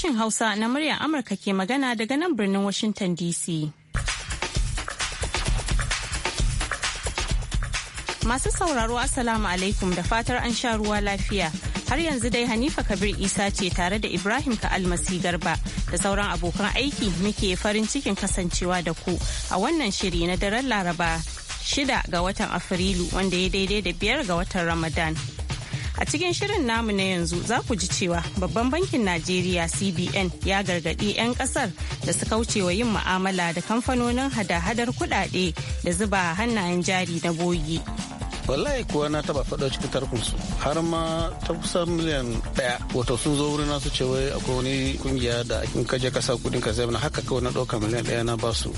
Sashen Hausa na muryar Amurka ke magana daga nan birnin Washington DC. Masu sauraro Assalamu alaikum da fatar an sha ruwa lafiya. Har yanzu dai Hanifa Kabir Isa ce tare da Ibrahim ka almasi Garba da sauran abokan aiki muke farin cikin kasancewa da ku a wannan shiri na daren Laraba shida ga watan Afrilu wanda ya daidai da biyar ga watan Ramadan. A cikin shirin namu na yanzu za ku ji cewa babban bankin Najeriya CBN ya gargaɗi 'yan ƙasar da su kauce wa yin mu'amala da kamfanonin hada-hadar kuɗaɗe da zuba hannayen jari na bogi. wallahi kuwa na taba faɗo cikin tarkunsu har ma ta kusan miliyan ɗaya wato sun zo wurin nasu ce akwai wani kungiya da in kaje ka sa kudin ka zai haka kawai na ɗauka miliyan ɗaya na basu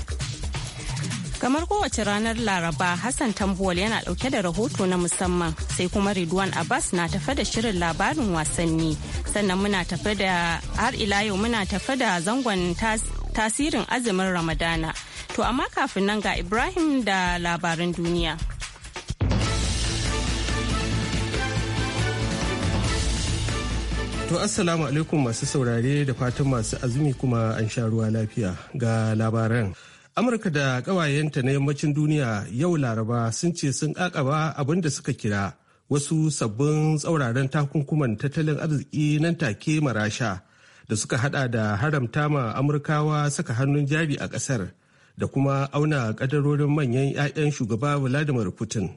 Kamar kowace ranar Laraba, Hassan Tambuwal yana dauke da rahoto na musamman sai kuma Ridwan Abbas na tafe da shirin labarin wasanni. Sannan muna tafe da har ila yau muna tafe da zangon tasirin azumin Ramadana. To amma kafin nan ga Ibrahim da labarin duniya. To Assalamu alaikum masu saurare da fatan masu azumi kuma an sha ruwa lafiya ga labaran. amurka da ƙawayenta na yammacin duniya yau laraba sun ce sun ƙaƙaba abin da suka kira wasu sabbin tsauraran takunkuman tattalin arziki nan take marasha da suka hada da haramta ma amurkawa saka hannun jari a ƙasar da kuma auna kadarorin manyan 'ya'yan shugaba vladimir putin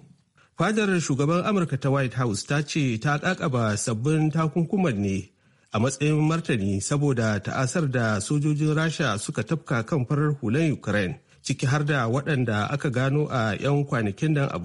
fadar shugaban amurka ta white house ta ce ta ƙaƙaba sabbin takunkuman ne a matsayin martani saboda ta'asar da sojojin rasha suka tafka kan farar hulan ukraine ciki har da waɗanda aka gano a 'yan kwanakin nan a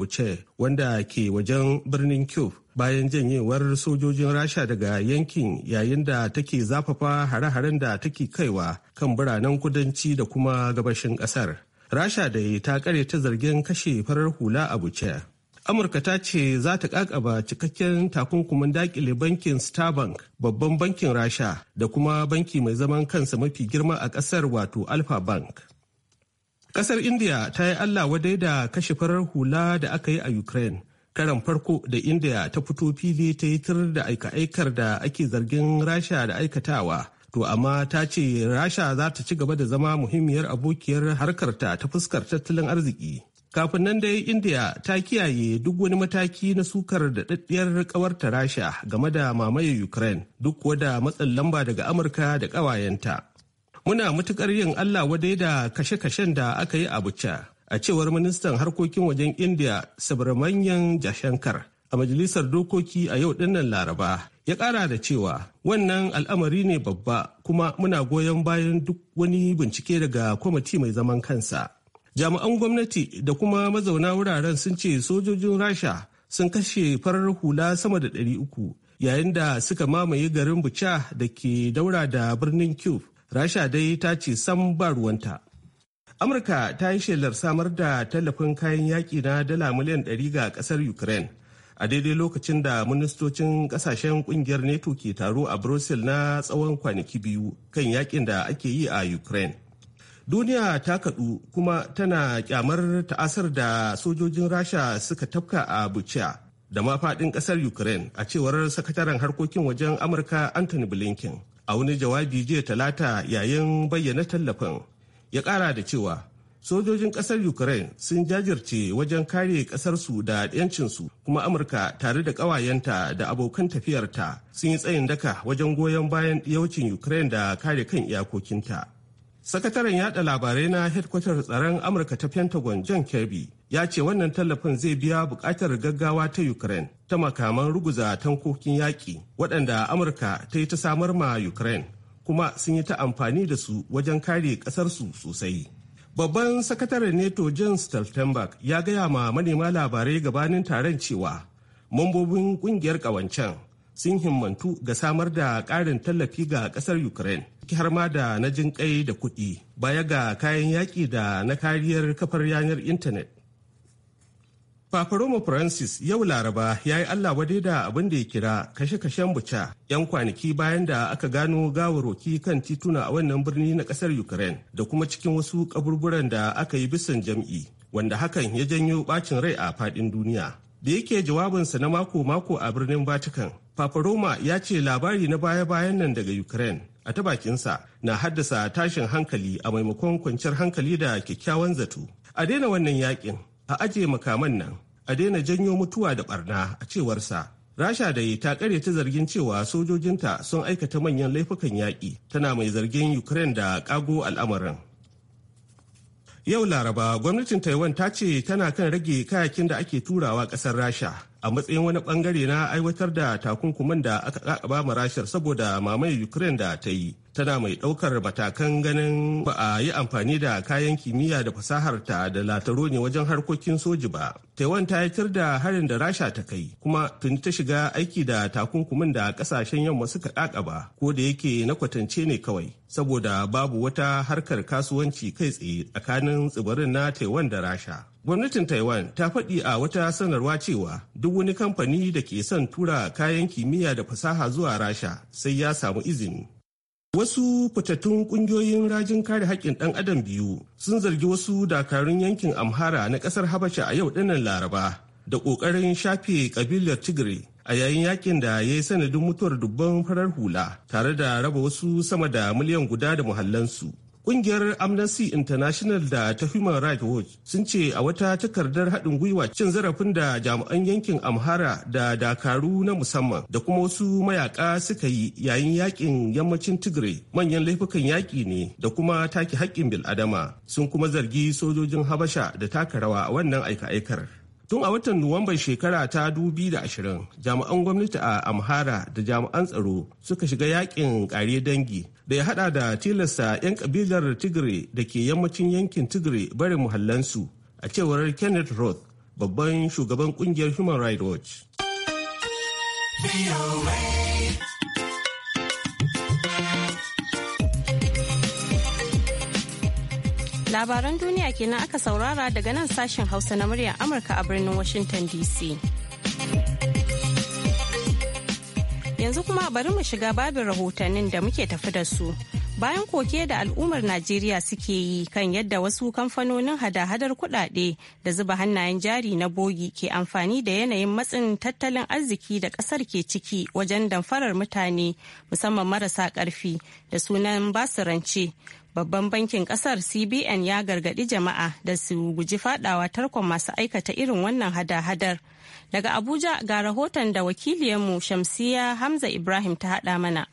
wanda ke wajen birnin kyiv bayan janyewar sojojin rasha daga yankin yayin da take zafafa hare-haren da take kaiwa kan biranen kudanci da kuma gabashin ƙasar rasha da ta kare ta zargin kashe farar hula a buce amurka ta ce za ta kakaba cikakken takunkumin dakile bankin starbank babban bankin rasha da kuma banki mai zaman kansa mafi girma a kasar wato alpha bank kasar india ta yi allah wadai da kashe farar hula da aka yi a ukraine karan farko da india ta fito fili ta yi tir da aika-aikar da ake zargin rasha da aikatawa to amma ta ce rasha za ta ci gaba da zama muhimmiyar abokiyar harkarta ta fuskar tattalin arziki kafin nan dai Indiya, ta kiyaye duk wani mataki na sukar da daddiyar kawarta rasha game da mamaye ukraine duk kuwa da matsin lamba daga amurka da ƙawayenta muna matukar yin allah wadai da kashe-kashen da aka yi a bucca a cewar ministan harkokin wajen india subramanian jashankar a majalisar dokoki a yau dinnan laraba ya kara da cewa wannan al'amari ne babba kuma muna goyon bayan duk wani bincike daga kwamiti mai zaman kansa jami'an gwamnati da kuma mazauna wuraren sun ce sojojin rasha sun kashe farar hula sama da ɗari uku, yayin da suka mamaye garin bucha da ke daura da birnin cube rasha dai ta ce sam ba ruwanta amurka ta yi shelar samar da tallafin kayan yaƙi na dala miliyan 100 ga ƙasar ukraine a daidai lokacin da ministocin ƙasashen ƙungiyar neto ke taro a brussels na tsawon kwanaki biyu kan yaƙin da ake yi a ukraine duniya ta kaɗu kuma tana kyamar ta'asar da sojojin rasha suka tafka a buciya da ma faɗin ƙasar ukraine a cewar sakataren harkokin wajen amurka anthony blinken a wani jawabi jiya talata yayin bayyana tallafin ya ƙara da cewa sojojin ƙasar ukraine sun jajirce wajen kare ƙasarsu da 'yancinsu kuma amurka tare da ƙawayenta da abokan tafiyarta sun yi tsayin daka wajen goyon bayan yaucin ukraine da kare kan iyakokinta Sakataren yada labarai na hedkwatar tsaron Amurka ta Pentagon John Kirby ya ce wannan tallafin zai biya bukatar gaggawa ta Ukraine ta makaman ruguza tankokin yaƙi waɗanda Amurka ta yi ta samar ma Ukraine kuma sun yi ta amfani da su wajen kare ƙasarsu sosai. Babban sakataren NATO John Stoltenberg ya gaya ma manema labarai gabanin taron cewa mambobin ƙungiyar ƙawancen sun himmantu ga samar da ƙarin tallafi ga ƙasar Ukraine, har ma da na jin kai da kuɗi baya ga kayan yaƙi da na kariyar kafar yanar intanet. Fafaroma Francis yau Laraba ya yi Allah wade da abin da ya kira kashe-kashen buca 'yan kwanaki bayan da aka gano gawaroki kan tituna a wannan birni na ƙasar Ukraine da kuma cikin wasu kaburburan da aka yi bisan jam'i wanda hakan ya janyo bacin rai a faɗin duniya. Da yake jawabinsa na mako-mako a birnin Vatican, Roma ya ce labari na baya-bayan nan daga Ukraine a ta bakinsa na haddasa tashin hankali a maimakon kwanciyar hankali da kyakkyawan zato. A daina wannan yakin, a ajiye makaman nan, a daina janyo mutuwa da barna a cewarsa. Rasha da ta kare ta zargin cewa sojojinta sun aikata manyan laifukan yaƙi tana mai zargin Ukraine da ƙago al'amarin. Yau Laraba gwamnatin Taiwan ta ce tana kan rage kayakin da ake turawa ƙasar Rasha a matsayin wani bangare na aiwatar da takunkuman da aka kakaba ma Rashar saboda mamaye Ukraine da ta yi. tana mai ɗaukar matakan ganin ba a yi amfani da kayan kimiyya da fasaharta da lataro ne wajen harkokin soji ba. Taiwan ta yatar da harin da Rasha ta kai kuma tuni ta shiga aiki da takunkumin da ƙasashen yamma suka ba. ko da yake na kwatance ne kawai saboda babu wata harkar kasuwanci kai tsaye tsakanin tsibirin na Taiwan da Rasha. Gwamnatin Taiwan ta faɗi a wata sanarwa cewa duk wani kamfani da ke son tura kayan kimiyya da fasaha zuwa Rasha sai ya samu izini. Wasu fitattun kungiyoyin rajin kare haƙƙin ɗan adam biyu sun zargi wasu dakarun yankin Amhara na ƙasar Habasha a yau ɗinnan Laraba da ƙoƙarin shafe ƙabilar Tigray a yayin yakin da ya yi sanadin mutuwar dubban farar hula tare da raba wasu sama da miliyan guda da muhallansu. Ƙungiyar Amnesty International da ta Human Rights Watch sun ce a wata takardar haɗin gwiwa cin zarafin da jami'an yankin Amhara da Dakaru na musamman da kuma wasu mayaka suka yi yayin yakin yammacin Tigray manyan laifukan yaƙi ne da kuma take haƙƙin bil'adama sun kuma zargi sojojin Habasha da taka rawa a wannan aika-aikar. Tun a watan Nuwamban shekara ta dubi da ashirin, jami'an gwamnati a Amhara da jami'an tsaro suka shiga yakin kare dangi da ya hada da tilasta 'yan kabilar Tigray da ke yammacin yankin Tigray barin muhallansu a cewar Kenneth Roth, babban shugaban kungiyar Human Rights Watch. Labaran duniya kenan aka saurara daga nan sashen Hausa na muryar Amurka a birnin Washington DC. Yanzu kuma bari mu shiga babin rahotannin da muke tafi da su. Bayan koke da al'ummar Najeriya suke yi kan yadda wasu kamfanonin hada-hadar kudade da zuba hannayen jari na bogi ke amfani da yanayin matsin tattalin arziki da kasar ke ciki wajen damfarar mutane musamman marasa karfi da sunan basu rance. Babban bankin kasar CBN ya gargadi jama'a da su guji fadawa tarkon masu aikata irin wannan hada-hadar. Daga Abuja ga rahoton da wakiliyarmu Shamsiya Hamza Ibrahim ta haɗa mana.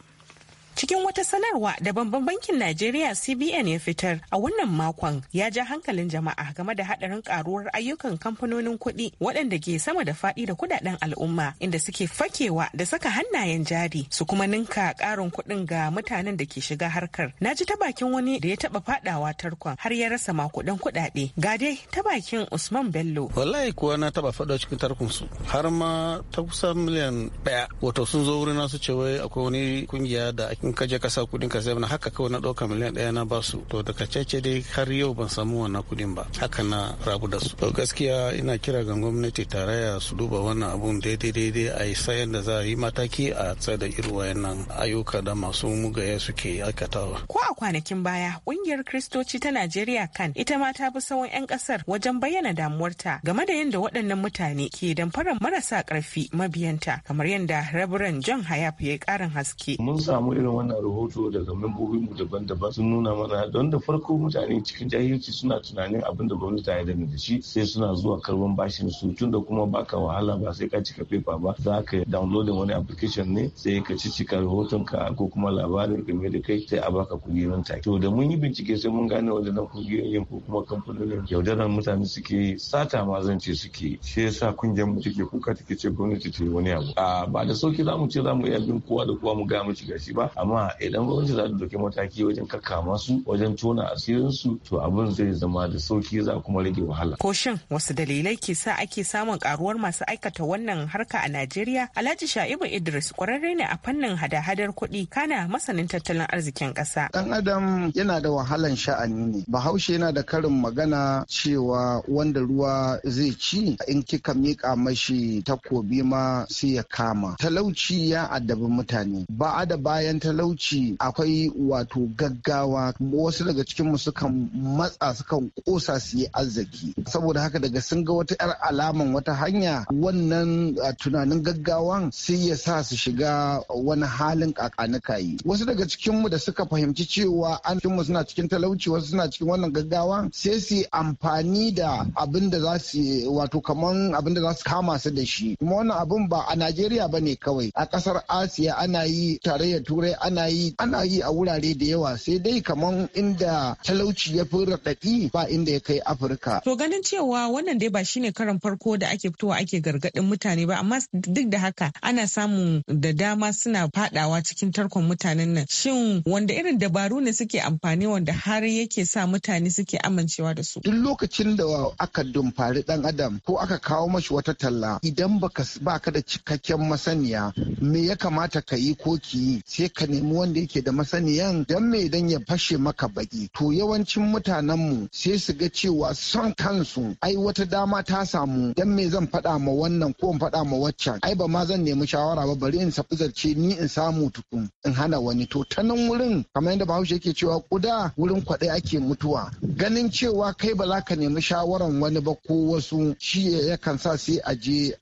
cikin wata sanarwa da babban bankin najeriya cbn ya fitar a wannan makon ya ja hankalin jama'a game da hadarin karuwar ayyukan kamfanonin kuɗi waɗanda ke sama da faɗi da kudaden al'umma inda suke fakewa da saka hannayen jari su kuma ninka karin kuɗin ga mutanen da ke shiga harkar na ji ta bakin wani da ya taba faɗawa tarkon har ya rasa makudan kuɗaɗe ga dai ta bakin usman bello wallahi kuwa na taɓa faɗa cikin tarkon su har ma ta kusan miliyan ɗaya wato sun zo wurin nasu ce wai akwai wani kungiya da ake in ka je ka sa kudin ka sai haka kawai na ɗauka miliyan ɗaya na basu to daga cece dai har yau ban samu wannan kudin ba haka na rabu da su to gaskiya ina kira ga gwamnati tarayya su duba wannan abun daidai daidai a yi sayan da za a yi mataki a tsada irin wayannan ayyuka da masu mugaye suke aikatawa ko a kwanakin baya kungiyar kiristoci ta najeriya kan ita ma ta bi sawon 'yan kasar wajen bayyana damuwarta game da yadda waɗannan mutane ke damfarar marasa ƙarfi mabiyanta kamar yadda rabiran john hayaf ya yi ƙarin haske mun samu irin mana rahoto daga mu daban-daban sun nuna mana don da farko mutane cikin jahilci suna tunanin abin da gwamnati ta yarda da shi sai suna zuwa karban bashin su tun da kuma baka wahala ba sai ka cika paper ba za ka downloadin wani application ne sai ka cika rahoton ka ko kuma labarin game da kai sai a baka kuɗi nan take to da mun yi bincike sai mun gane na kungiyoyin ko kuma kamfanonin yaudarar mutane suke sata ma ce suke shi yasa kungiyar mu take kuka take ce gwamnati ta yi wani abu a ah, ba da sauki za mu ce za mu iya bin kowa da kowa mu ga mu shiga shi ba amma idan gwamnati za ta dauki mataki wajen kakkama su wajen tona asirin su to abin zai zama da sauki za kuma rage wahala ko shin wasu dalilai ke sa ake samun karuwar masu aikata wannan harka a Najeriya Alhaji Sha'ibu Idris kwararre ne a fannin hada-hadar kuɗi kana masanin tattalin arzikin ƙasa dan adam yana da wahalan sha'ani ne bahaushe yana da karin magana cewa wanda ruwa zai ci in kika mika mashi takobi ma sai ya kama talauci ya addabi mutane ba a da bayan talauci akwai wato gaggawa wasu daga cikinmu sukan matsa sukan kosa su yi arziki saboda haka daga sun ga wata 'yar alaman wata hanya wannan tunanin gaggawan sai ya sa su shiga wani halin kakanuka yi wasu daga cikinmu da suka fahimci cewa an mu suna cikin talauci wasu suna cikin wannan gaggawa sai su amfani da abin da za su wato kaman abin da za su kama su da shi kuma wannan abin ba a najeriya ba ne kawai a kasar asiya ana yi tarayyar turai ana yi ana yi a wurare da yawa sai dai kamar inda talauci ya fi raɗaɗi ba inda ya kai afirka to ganin cewa wannan dai ba shine karan farko da ake fitowa ake gargaɗin mutane ba amma duk da haka ana samun da dama suna fadawa cikin tarkon mutanen nan shin wanda irin dabaru ne suke amfani wanda har yake sa mutane suke amincewa da su duk lokacin da aka dumfari ɗan adam ko aka kawo mashi wata talla idan baka ka da cikakken masaniya me ya kamata ka yi ko ki yi sai ka nemi wanda yake da masaniyan dan me dan ya fashe maka baki to yawancin mutanenmu sai su ga cewa son kansu ai wata dama ta samu dan me zan faɗa ma wannan ko in faɗa ma waccan ai ba ma zan nemi shawara ba bari in sabu zarce ni in samu tukun in hana wani to ta nan wurin kamar yadda bahaushe yake cewa kuda wurin kwaɗe ake mutuwa ganin cewa kai ba za ka nemi shawaran wani ba ko wasu shi yakan sa sai a je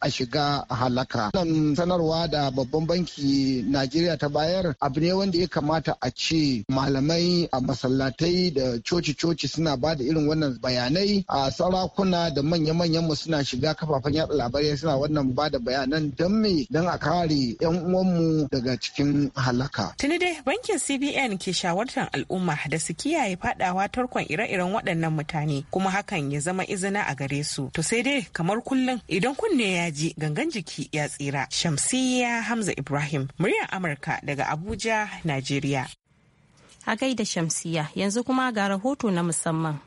a shiga halaka. Wannan sanarwa da babban banki Najeriya ta bayar bayar abu ne wanda ya kamata a ce malamai a masallatai da coci-coci suna ba da irin wannan bayanai a sarakuna da manya-manyan mu suna shiga kafafen yada labarai suna wannan ba da bayanan don me don a kare 'yan uwanmu daga cikin halaka. Tuni dai bankin CBN ke shawartar al'umma da su kiyaye fadawa tarkon ire-iren waɗannan mutane kuma hakan ya zama izina a gare su. To sai dai kamar kullum idan kunne ya ji gangan jiki ya tsira. Shamsiyya Hamza Ibrahim, muryar Amurka daga daga Abuja, Najeriya. A gaida Shamsiya, yanzu kuma ga rahoto na musamman.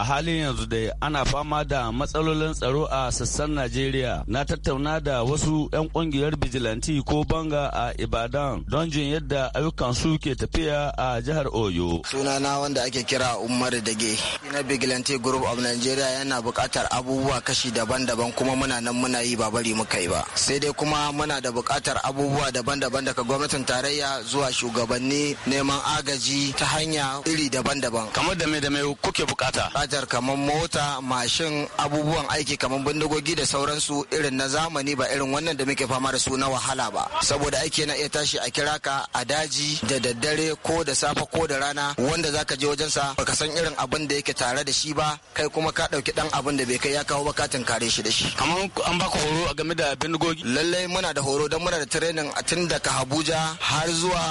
a halin yanzu dai ana fama da matsalolin tsaro a sassan najeriya na tattauna da wasu 'yan kungiyar bijilanti ko banga a ibadan don jin yadda ayyukan su ke tafiya a jihar oyo sunana wanda ake kira umar dage na bijilanti group of nigeria yana buƙatar abubuwa kashi daban-daban kuma muna nan muna yi ba bari muka yi ba sai dai kuma muna da buƙatar abubuwa daban-daban daga gwamnatin tarayya zuwa shugabanni neman agaji ta hanya iri daban-daban kamar da me da me kuke bukata hajar kamar mota mashin abubuwan aiki kamar bindigogi da sauransu irin na zamani ba irin wannan da muke fama da su na wahala ba saboda aiki na iya tashi a kira ka a daji da daddare ko da safe ko da rana wanda zaka je wajen sa baka san irin abin da yake tare da shi ba kai kuma ka dauki dan abin da bai kai ya kawo ba kare shi da shi kamar an baka horo a game da bindigogi lallai muna da horo don muna da training a tun daga Abuja har zuwa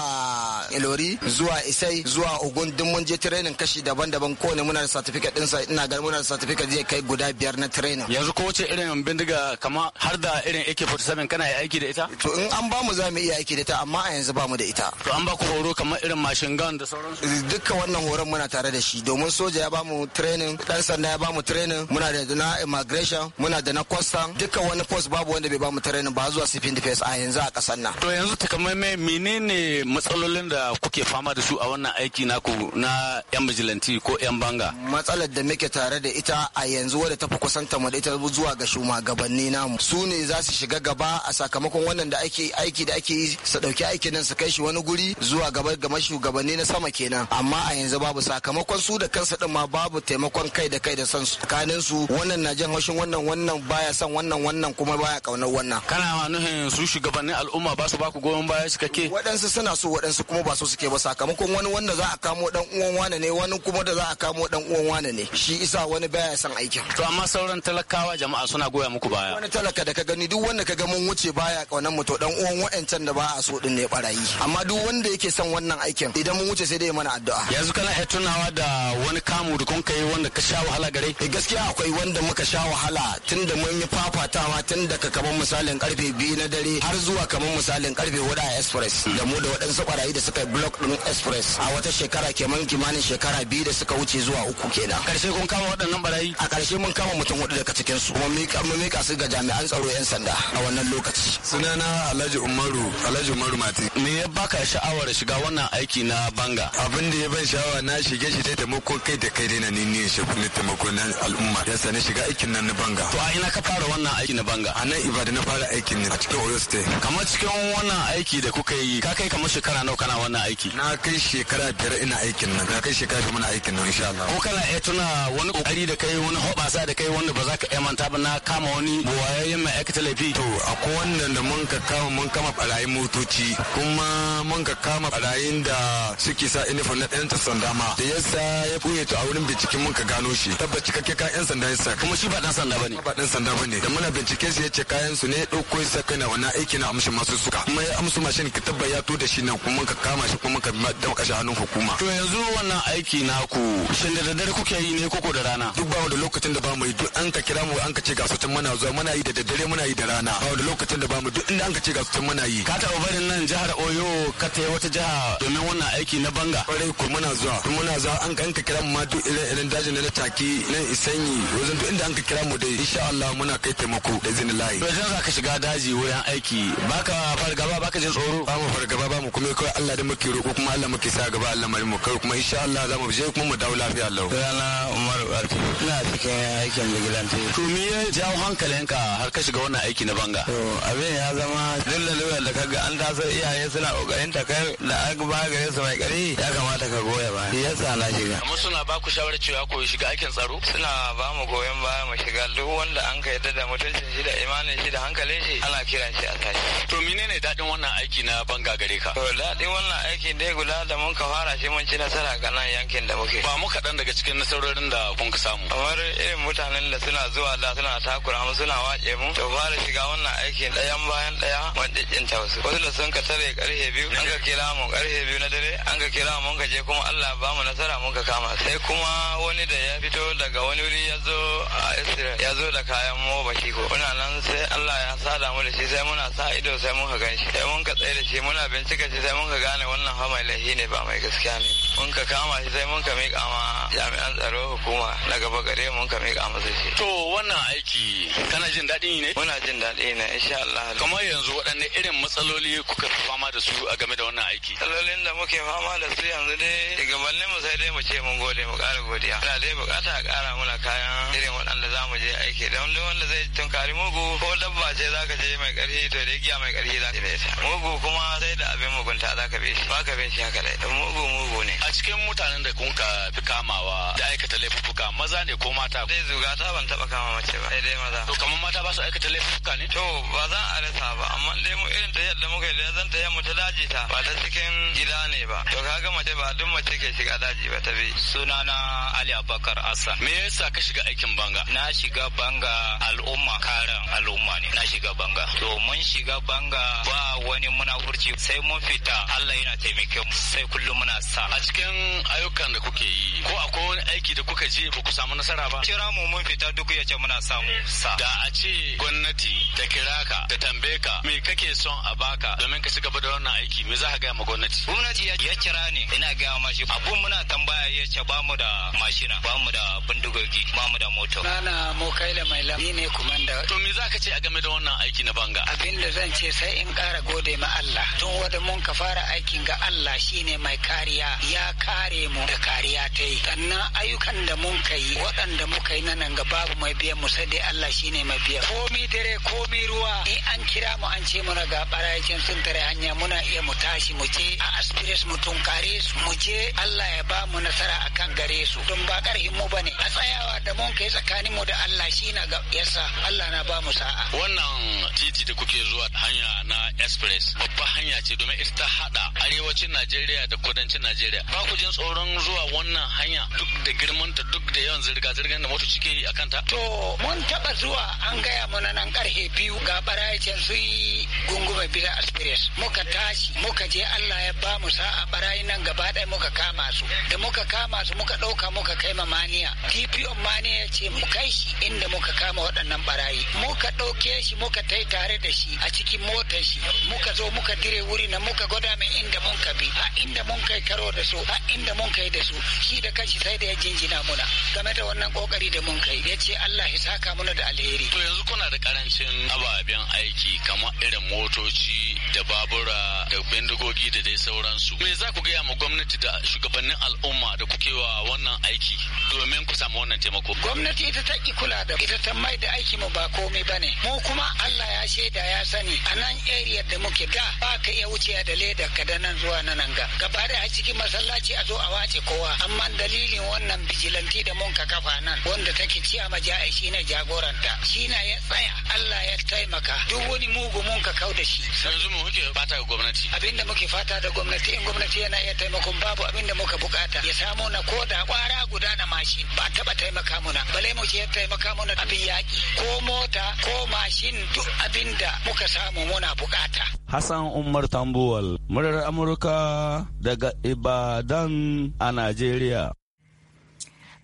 Ilori zuwa Isai zuwa Ogun duk mun je training kashi daban-daban ko ne muna da certificate din sa ina ga muna certificate zai kai guda biyar na trainer yanzu ko wace irin bindiga kama har da irin AK47 kana yi aiki da ita to in an mu za mu iya aiki da ita amma a yanzu ba mu da ita to an ba ku horo kamar irin machine gun da sauransu eh, dukkan wannan horon muna tare da shi domin soja ya ba mu training dan sanda ya ba mu training muna da na immigration muna da na custom dukkan wani post babu wanda bai ba mu training ba zuwa sifin defense a yanzu a kasar nan to yanzu takamaimai menene matsalolin da kuke fama da su a wannan aiki naku na yan bijilanti ko yan banga matsalar da muke tare da ita a yanzu wadda ta fi kusanta mu da ita zuwa ga shugabanni namu su ne za su shiga gaba a sakamakon wannan da ake aiki da ake yi su dauki aikin nan su kai shi wani guri zuwa gaba ga shugabanni na sama kenan amma a yanzu babu sakamakon su da kansa din ma babu taimakon kai da kai da san kanin su wannan na jan haushin wannan wannan baya san wannan wannan kuma baya kaunar wannan kana ma nuhin su shugabannin al'umma ba su ba ku goyon baya kake waɗansu suna so waɗansu kuma ba so suke ba sakamakon wani wanda za a kamo dan uwan wane ne wani kuma da za a kamo dan uwan wane ne ne shi isa wani baya san aikin to amma sauran talakawa jama'a suna goya muku baya wani talaka da ka gani duk wanda ka ga mun wuce baya kaunan mu to dan uwan wa'ancan da ba a so din ne barayi amma duk wanda yake son wannan aikin idan mun wuce sai dai mana addu'a yanzu kana iya tunawa da wani kamu da kun kai wanda ka sha wahala gare eh, gaskiya akwai wanda muka sha wahala tun da mun yi fafatawa tun daga kaman misalin karfe biyu na dare har zuwa kaman misalin karfe hudu a express da mu da waɗansu barayi da suka block din express a wata shekara kemanin kimanin shekara biyu da suka wuce zuwa uku kenan karshe kun kama waɗannan barayi a karshe mun kama mutum hudu daga cikin su mun mika mun mika su ga jami'an tsaro yan sanda a wannan lokaci sunana Alhaji Umaru Alhaji Umaru Mati me ya baka sha'awar shiga wannan aiki na banga abin da ya ban sha'awa na shige shi dai da taimako kai da kai dai na ni ne shi ta taimako na al'umma ya sani shiga aikin nan na banga to a ina ka fara wannan aiki na banga a nan Ibadan na fara aikin ne a cikin Oyo State kamar cikin wannan aiki da kuka yi ka kai kamar shekara nawa kana wannan aiki na kai shekara biyar ina aikin nan na kai shekara biyar muna aikin nan insha Allah ko kana iya eh, muna wani kokari da kai wani hobasa da kai wanda ba za ka iya manta ba na kama wani buwayayyen mai aikata laifi to akwai wannan da mun ka kama mun kama barayin motoci kuma mun ka kama barayin da suke sa uniform na ɗan sanda ma da yasa ya buye to a wurin binciken mun ka gano shi tabbas cikakke ka ɗan sanda yasa kuma shi ba dan sanda bane ba dan sanda bane da muna binciken shi ce kayan su ne ɗauko sa kana wannan aiki na amshin masu suka kuma ya amsu mashin ka tabba ya to da shi nan kuma mun ka kama shi kuma mun ka da shi hannun hukuma to yanzu wannan aiki naku shin da daddare kuke yi yi ne koko da rana duk bawo da lokacin da bamu yi duk an ka kira mu an ka ce ga su mana zuwa mana yi da daddare muna yi da rana bawo da lokacin da bamu duk inda an ka ce ga su mana yi ka taɓa barin nan jihar Oyo ka ta wata jiha domin wannan aiki na banga kwarai ko muna zuwa kuma muna zuwa an ka an ka kira mu ma duk irin dajin da na taki nan yi wajen duk inda an ka kira mu dai insha Allah muna kai taimako da zin layi to za ka shiga daji wurin aiki baka fargaba baka jin tsoro ba mu fargaba ba mu kuma kai Allah da muke roƙo kuma Allah muke sa gaba Allah mai mu kai kuma insha Allah za mu je kuma mu dawo lafiya Allah Umaru Barfi. Ina cikin aikin vigilante. To me ya jawo hankalinka har ka shiga wannan aiki na banga? To abin ya zama duk lalura da kaga an taso iyaye suna kokarin ta kai da aka ba gare su mai kare ya kamata ka goya ba. Ya sa na shiga. Amma suna ba ku shawarar cewa ko shiga aikin tsaro? Suna ba mu goyon baya mu shiga duk wanda an ka yarda da mutuncin shi da imanin shi da hankalin shi ana kiran shi a tashi. To menene daɗin wannan aiki na banga gare ka? To daɗin wannan aiki dai guda da mun ka fara shi mun ci nasara ga nan yankin da muke. Ba mu kaɗan daga cikin nasarar nasarorin da kun samu kamar irin mutanen da suna zuwa da suna takura mu suna wace mu to fara shiga wannan aikin ɗayan bayan ɗaya maɗiɗin ta wasu wasu da sun ka tare ƙarfe biyu an ka kira mu ƙarfe biyu na dare an ka kira mu ka je kuma Allah ba mu nasara mun ka kama sai kuma wani da ya fito daga wani wuri ya zo a Israel ya zo da kayan mu baki ko muna nan sai Allah ya sada mu da shi sai muna sa ido sai mun ka gan shi sai mun ka tsaye da shi muna bincika shi sai mun ka gane wannan fa lahi ne ba mai gaskiya ne mun ka kama shi sai mun ka miƙa ma jami'an tsaro shugaban hukuma na gaba gare mun ka mika masa shi. To wannan aiki kana jin daɗi ne? Muna jin daɗi ne insha Allah. Kamar yanzu waɗanne irin matsaloli kuka fama da su a game da wannan aiki? Matsalolin da muke fama da su yanzu dai gabanin mu sai dai mu ce mun gode mu ƙara godiya. Ina dai buƙata a ƙara mana kayan irin waɗanda za mu je aiki don duk wanda zai tunkari mugu ko dabba ce za ka je mai ƙarfi to dai giya mai ƙarfi za ka ita. Mugu kuma sai da abin mugunta za ka bi shi ba ka bin shi haka dai. Mugu mugu ne. A cikin mutanen da kun ka fi kamawa da aikata laifuka maza ne ko mata dai zuga ta ban taba kama mace ba sai dai maza to kamar mata ba su aikata laifuka ne to ba zan a rasa ba amma dai mu irin ta yadda muka yi zan ta yamma ta daji ta ba ta cikin gida ne ba to kaga mace ba duk mace ke shiga daji ba ta bi sunana Ali Abubakar Asa me yasa ka shiga aikin banga na shiga banga al'umma karan al'umma ne na shiga banga to mun shiga banga ba wani muna furci sai mun fita Allah yana taimake mu sai kullum muna sa a cikin ayyukan da kuke yi ko akwai wani aiki aiki da kuka je ba ku samu nasara ba kira mu mun fita duk ya ce muna samu sa da a ce gwamnati ta kira ka ta tambaye ka me kake son a baka domin ka ci da wannan aiki me za ka gaya ma gwamnati gwamnati ya kira ne ina gaya ma shi abun muna tambaya ya ce ba mu da mashina ba mu da bindigogi ba mu da mota nana mu kai da mai Ni ne kumanda to me za ka ce a game da wannan aiki na banga abin da zan ce sai in kara gode ma Allah tun wanda mun ka fara aikin ga Allah shine mai kariya ya kare mu da kariya ta yi sannan ayyuka ayyukan da mun kai waɗanda muka yi nan ga babu mai biyan mu sai dai Allah shine mai biya komi dare komi ruwa in an kira mu an ce muna ga barayin sun tare hanya muna iya mu tashi mu je a aspires mu tunkare su mu je Allah ya ba mu nasara akan gare su don ba karhin mu bane a tsayawa da mun kai tsakanin mu da Allah shine ga yasa Allah na ba mu sa'a wannan titi da kuke zuwa hanya na express babba hanya ce domin ita ta hada arewacin Najeriya da kudancin Najeriya ba ku jin tsoron zuwa wannan hanya duk da ta duk da yawan zirga-zirgar da motoci ke yi a kanta. To mun taba zuwa an gaya mana nan karfe biyu ga barayin su yi gunguma bisa aspirin. muka tashi muka je Allah ya ba mu sa'a barayi nan gaba ɗaya muka kama su da muka kama su muka ɗauka muka kai ma maniya DPO maniya ya ce mu kai shi inda muka kama waɗannan barayi muka ɗauke shi muka tai tare da shi a cikin motar shi muka zo muka dire wuri na muka gwada mai inda mun ka bi a inda mun kai karo da su a inda mun kai da su shi da kanshi sai da ya jinji gina muna game da wannan kokari da mun kai ya ce Allah ya saka muna da alheri to yanzu kuna da karancin ababen aiki kamar irin motoci da babura da bindigogi da dai sauransu me za ku gaya ma gwamnati da shugabannin al'umma da kuke wa wannan aiki domin ku samu wannan taimako gwamnati ita ta ki kula da ita ta mai da aiki mu ba komai bane mu kuma Allah ya shaida ya sani a nan area da muke da ba ka iya wuce da leda ka da nan zuwa nan ga gaba da cikin masallaci a zo a wace kowa amma dalilin wannan bijilanti da mun ka kafa nan wanda take ci a ai shi ne jagoranta shi na ya tsaya Allah ya taimaka duk wani mugu mun ka kau da shi yanzu mu kuke fata ga gwamnati abinda muke fata da gwamnati in gwamnati yana iya taimakon babu abinda muka bukata ya samu na koda kwara guda na mashin ba taba taimaka muna bale mu ce ya taimaka muna abin yaki ko mota ko mashin duk abinda muka samu muna bukata Hassan Umar Tambuwal, murar Amurka daga Ibadan a Najeriya.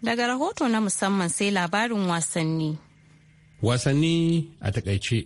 Daga rahoto na musamman sai labarin wasanni. Wasanni a takaice.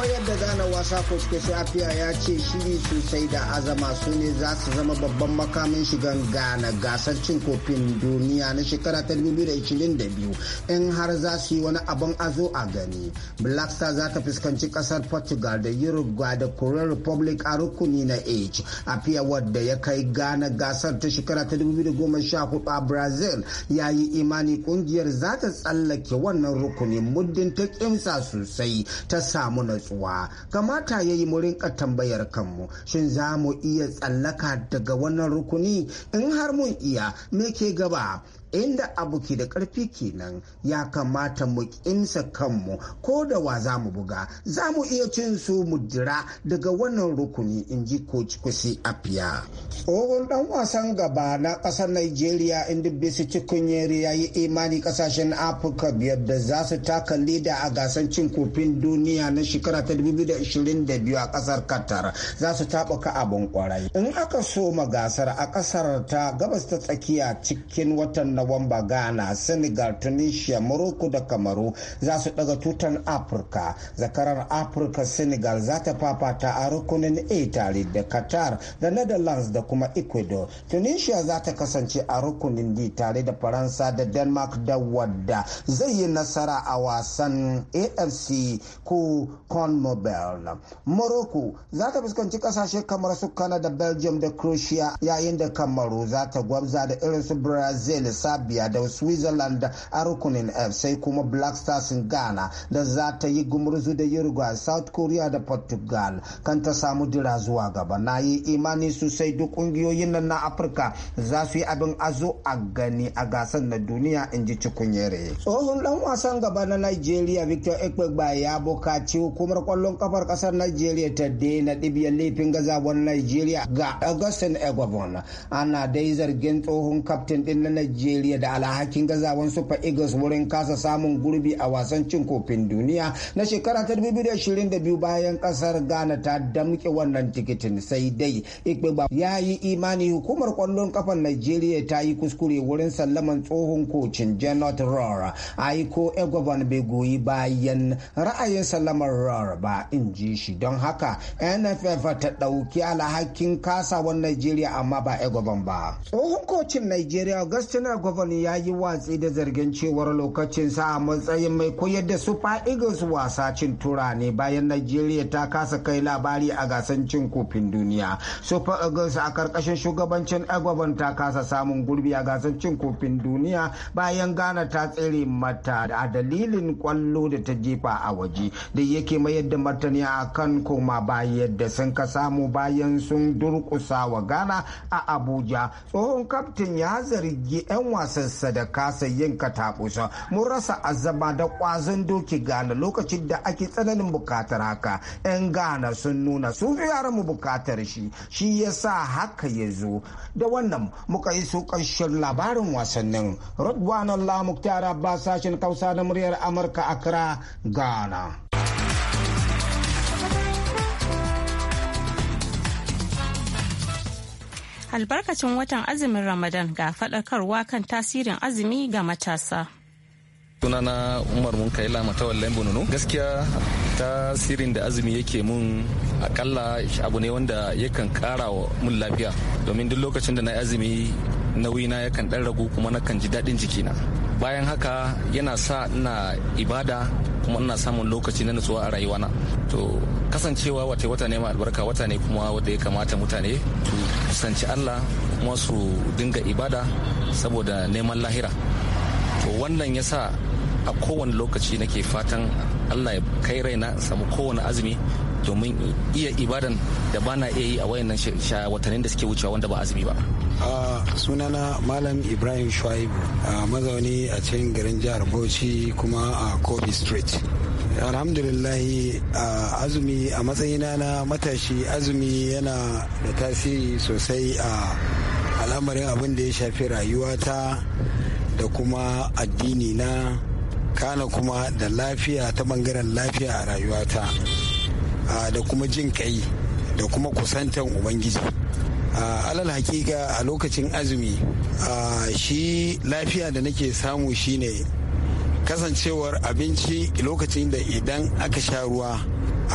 koyar da Ghana wasa coach Kesu ya ce shiri sosai da azama su ne za su zama babban makamin shigan gane gasar cin kofin duniya na shekara ta 2022 in har za su yi wani abin azo a gani. Black Star za ta fuskanci kasar Portugal da Uruguay da Korean Republic a rukuni na H. Apia wadda ya kai gane gasar ta shekara ta 2014 a Brazil ya yi imani kungiyar za ta tsallake wannan rukunin muddin ta kimsa sosai ta samu natsuwa. nutsuwa kamata ya yi rinka tambayar kanmu shin za mu iya tsallaka daga wannan rukuni in har mun iya me ke gaba inda abu ke da ƙarfi kenan ya kamata mu kinsa kanmu ko da wa za mu buga za mu iya cin su mu dira daga wannan rukuni in ji coach kusi afiya tsohon dan wasan gaba na ƙasar nigeria inda bisu cikin ya yi imani ƙasashen afirka biyar da za su taka leda a gasar cin kofin duniya na shekara ta 2022 a ƙasar qatar za su taɓuka abin kwarai in aka so ma gasar a ƙasar ta gabas ta tsakiya cikin watan Nuwamba Ghana, Senegal, Tunisia, Morocco da Kamaru za su daga tutan Afirka. Zakarar Afirka Senegal za ta fafata a rukunin italy da Qatar da Netherlands da kuma Ecuador. Tunisia za ta kasance a rukunin D tare da Faransa da Denmark da wadda zai yi nasara a wasan AFC ko conmobile Morocco za ta fuskanci kasashe kamar su Canada, Belgium da Croatia yayin da Kamaru za ta gwabza da irin su Brazil, serbia da switzerland a rukunin f sai kuma black stars ghana da za ta yi gumurzu da uruguay south korea da portugal kan ta samu dira zuwa gaba na yi imani sosai duk kungiyoyin nan na afirka za su yi abin azo a gani a gasar na duniya in ji cikunyere tsohon dan wasan gaba na nigeria victor ekpegba ya bukaci hukumar kwallon kafar kasar nigeria ta daina ɗibiyar laifin gazawar nigeria ga augustin egwabon ana dai zargin tsohon kaftin din na nigeria najeriya da alhakin gazawan super eagles wurin kasa samun gurbi a wasan cin kofin duniya na shekara ta 2022 bayan kasar ghana ta damke wannan tikitin sai dai ikpeba ya yi imani hukumar kwallon kafan najeriya ta yi kuskure wurin sallaman tsohon kocin janot rora aiko Egovan bai goyi bayan ra'ayin sallamar rora ba in ji shi don haka nff ta ɗauki alhakin kasawan najeriya amma ba Egovan ba tsohon kocin najeriya augustin Govern ya yi watsi da zargin cewar lokacinsa a matsayin mai koyar da Super Eagles wasa cin tura ne bayan Najeriya ta kasa kai labari a gasar cin kofin duniya. Super Eagles a karkashin shugabancin Govern ta kasa samun gurbi a gasar cin kofin duniya bayan Ghana ta tsere mata a dalilin kwallo da ta jefa a waje da yake mayar da martani a kan koma bayan da sun ka samu bayan sun durkusa wa Ghana a Abuja. Tsohon kaftin ya zargi 'yan wasansa da kasa yin katakusa mun rasa azaba da kwazon doki gana lokacin da ake tsananin bukatar haka 'yan gana sun nuna sun fi yaran mu bukatar shi shi ya sa haka ya zo da wannan muka yi su ƙarshen labarin wasannin rudwanan lamuk tara ba sashen kausa na muryar amurka kira gana. albarkacin watan azumin ramadan ga faɗakarwa kan tasirin azumi ga matasa sunana umar mun kai lama ta gaskiya tasirin da azumi yake mun akalla abu ne wanda yakan kara mun lafiya domin duk lokacin da na azumi nauyina yakan ɗan ragu kuma nakan ji daɗin jikina bayan haka yana sa ina ibada kuma ina samun lokaci na nutsuwa a rayuwana to kasancewa wata wata ne mai albarka wata ne kuma wanda ya kamata mutane su kusanci allah kuma su dinga ibada saboda neman lahira to wannan ya sa a kowane lokaci nake fatan allah ya kai raina samu kowane azumi domin iya ibadan da bana iya yi a wayannan watannin da suke wucewa wanda ba azumi ba sunana malam ibrahim shuaibu mazauni a cikin garin jihar bauchi kuma a kobe street alhamdulillahi azumi a matsayina na matashi azumi yana da tasiri sosai a al'amarin abin da ya shafi rayuwata da kuma addini na kana kuma da lafiya ta bangaren lafiya a rayuwata da kuma jin kai da kuma kusantan ubangiji alal hakika a lokacin azumi shi lafiya da nake samu shine kasancewar abinci lokacin da idan aka sha ruwa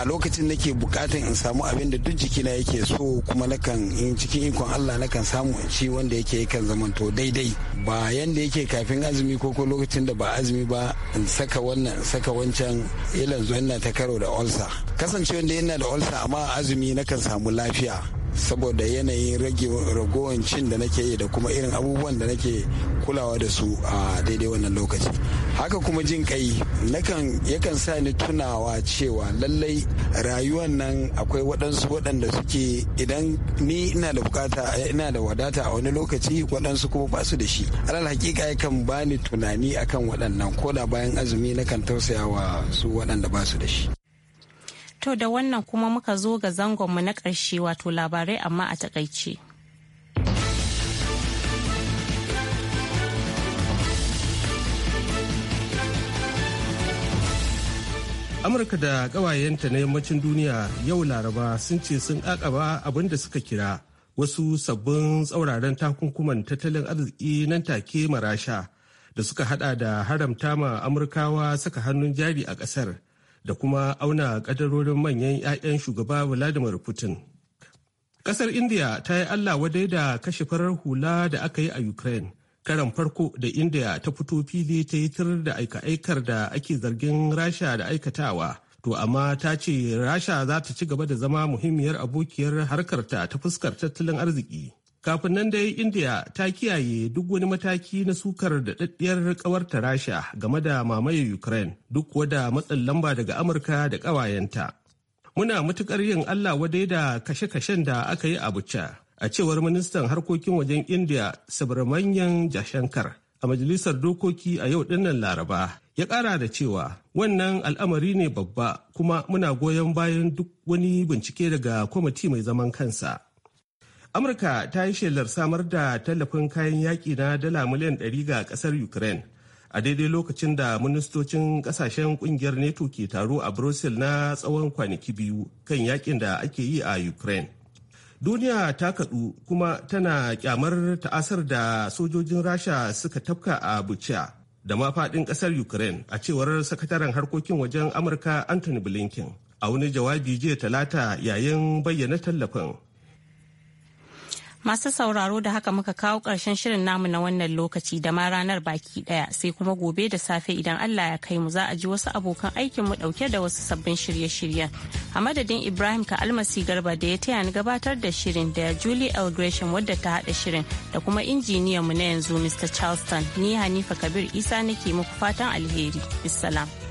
a lokacin nake bukatan in samu abin da duk jikina yake so kuma kan in cikin ikon Allah na kan samu in ci wanda yake yakan to daidai ba yanda yake kafin azumi ko ko lokacin da ba azumi ba in saka wannan saka wancan ilan zuwa ina ta karo da olsa kasancewa da ina da olsa amma azumi na kan samu lafiya saboda yanayin rage ragowar cin da nake yi da kuma irin abubuwan da nake kulawa da su a daidai wannan lokaci haka kuma jin kai nakan yakan sa ni tunawa cewa lallai rayuwar nan akwai waɗansu waɗanda suke idan ni ina da bukata ina da wadata a wani lokaci waɗansu kuma ba su da shi alal hakika yakan bani tunani akan waɗannan ko da bayan azumi nakan tausaya wa su waɗanda ba su da shi To da wannan kuma muka zo ga zangonmu na ƙarshe wato labarai amma a takaice. amurka da ƙawayenta na yammacin duniya yau laraba sun ce sun ƙaƙaba abin da suka kira wasu sabbin tsauraran takunkuman tattalin arziki nan take marasha da suka hada da haramta ma amurkawa saka hannun jari a ƙasar da kuma auna kadarorin manyan 'ya'yan shugaba Vladimir Putin. Kasar India ta yi Allah wadai da kashe farar hula da aka yi a Ukraine. Karan farko da India ta fito fili ta yi tir da aika-aikar da ake zargin Rasha da aikatawa. To amma ta ce Rasha za ta ci gaba da zama muhimmiyar abokiyar harkarta ta fuskar tattalin arziki. kafin nan dai india ta kiyaye duk wani mataki na sukar da daddiyar kawarta rasha game da mamaye ukraine duk wada matsin lamba daga amurka da kawayenta. muna matukar yin allah wadai da kashe-kashen da aka yi a a cewar ministan harkokin wajen india subramanian jashankar a majalisar dokoki a yau dinnan laraba ya kara da cewa wannan al'amari ne babba kuma muna goyon bayan duk wani bincike daga kwamiti mai zaman kansa amurka ta yi shelar samar da tallafin kayan yaƙi na dala miliyan 100 ga ƙasar ukraine a daidai lokacin da ministocin ƙasashen ƙungiyar nato ke taro a brussels na tsawon kwanaki biyu kan yaƙin da ake yi a ukraine duniya ta kaɗu kuma tana kyamar ta'asar da sojojin rasha suka tafka a bucha da ma faɗin ƙasar ukraine a cewar sakataren harkokin wajen amurka anthony blinken a wani jawabi jiya talata yayin bayyana tallafin Masu sauraro da haka muka kawo ƙarshen shirin namu na wannan lokaci da ma ranar baki ɗaya sai kuma gobe da safe idan Allah ya kai mu za a ji wasu abokan aikinmu ɗauke da wasu sabbin shirye-shiryen. A madadin Ibrahim ka almasi garba da ya taya ni gabatar da shirin da Julie Elgration wadda ta haɗa shirin da kuma injiniyanmu na yanzu Mr. Charleston ni Hanifa Kabir Isa nake muku fatan alheri. Bissalam.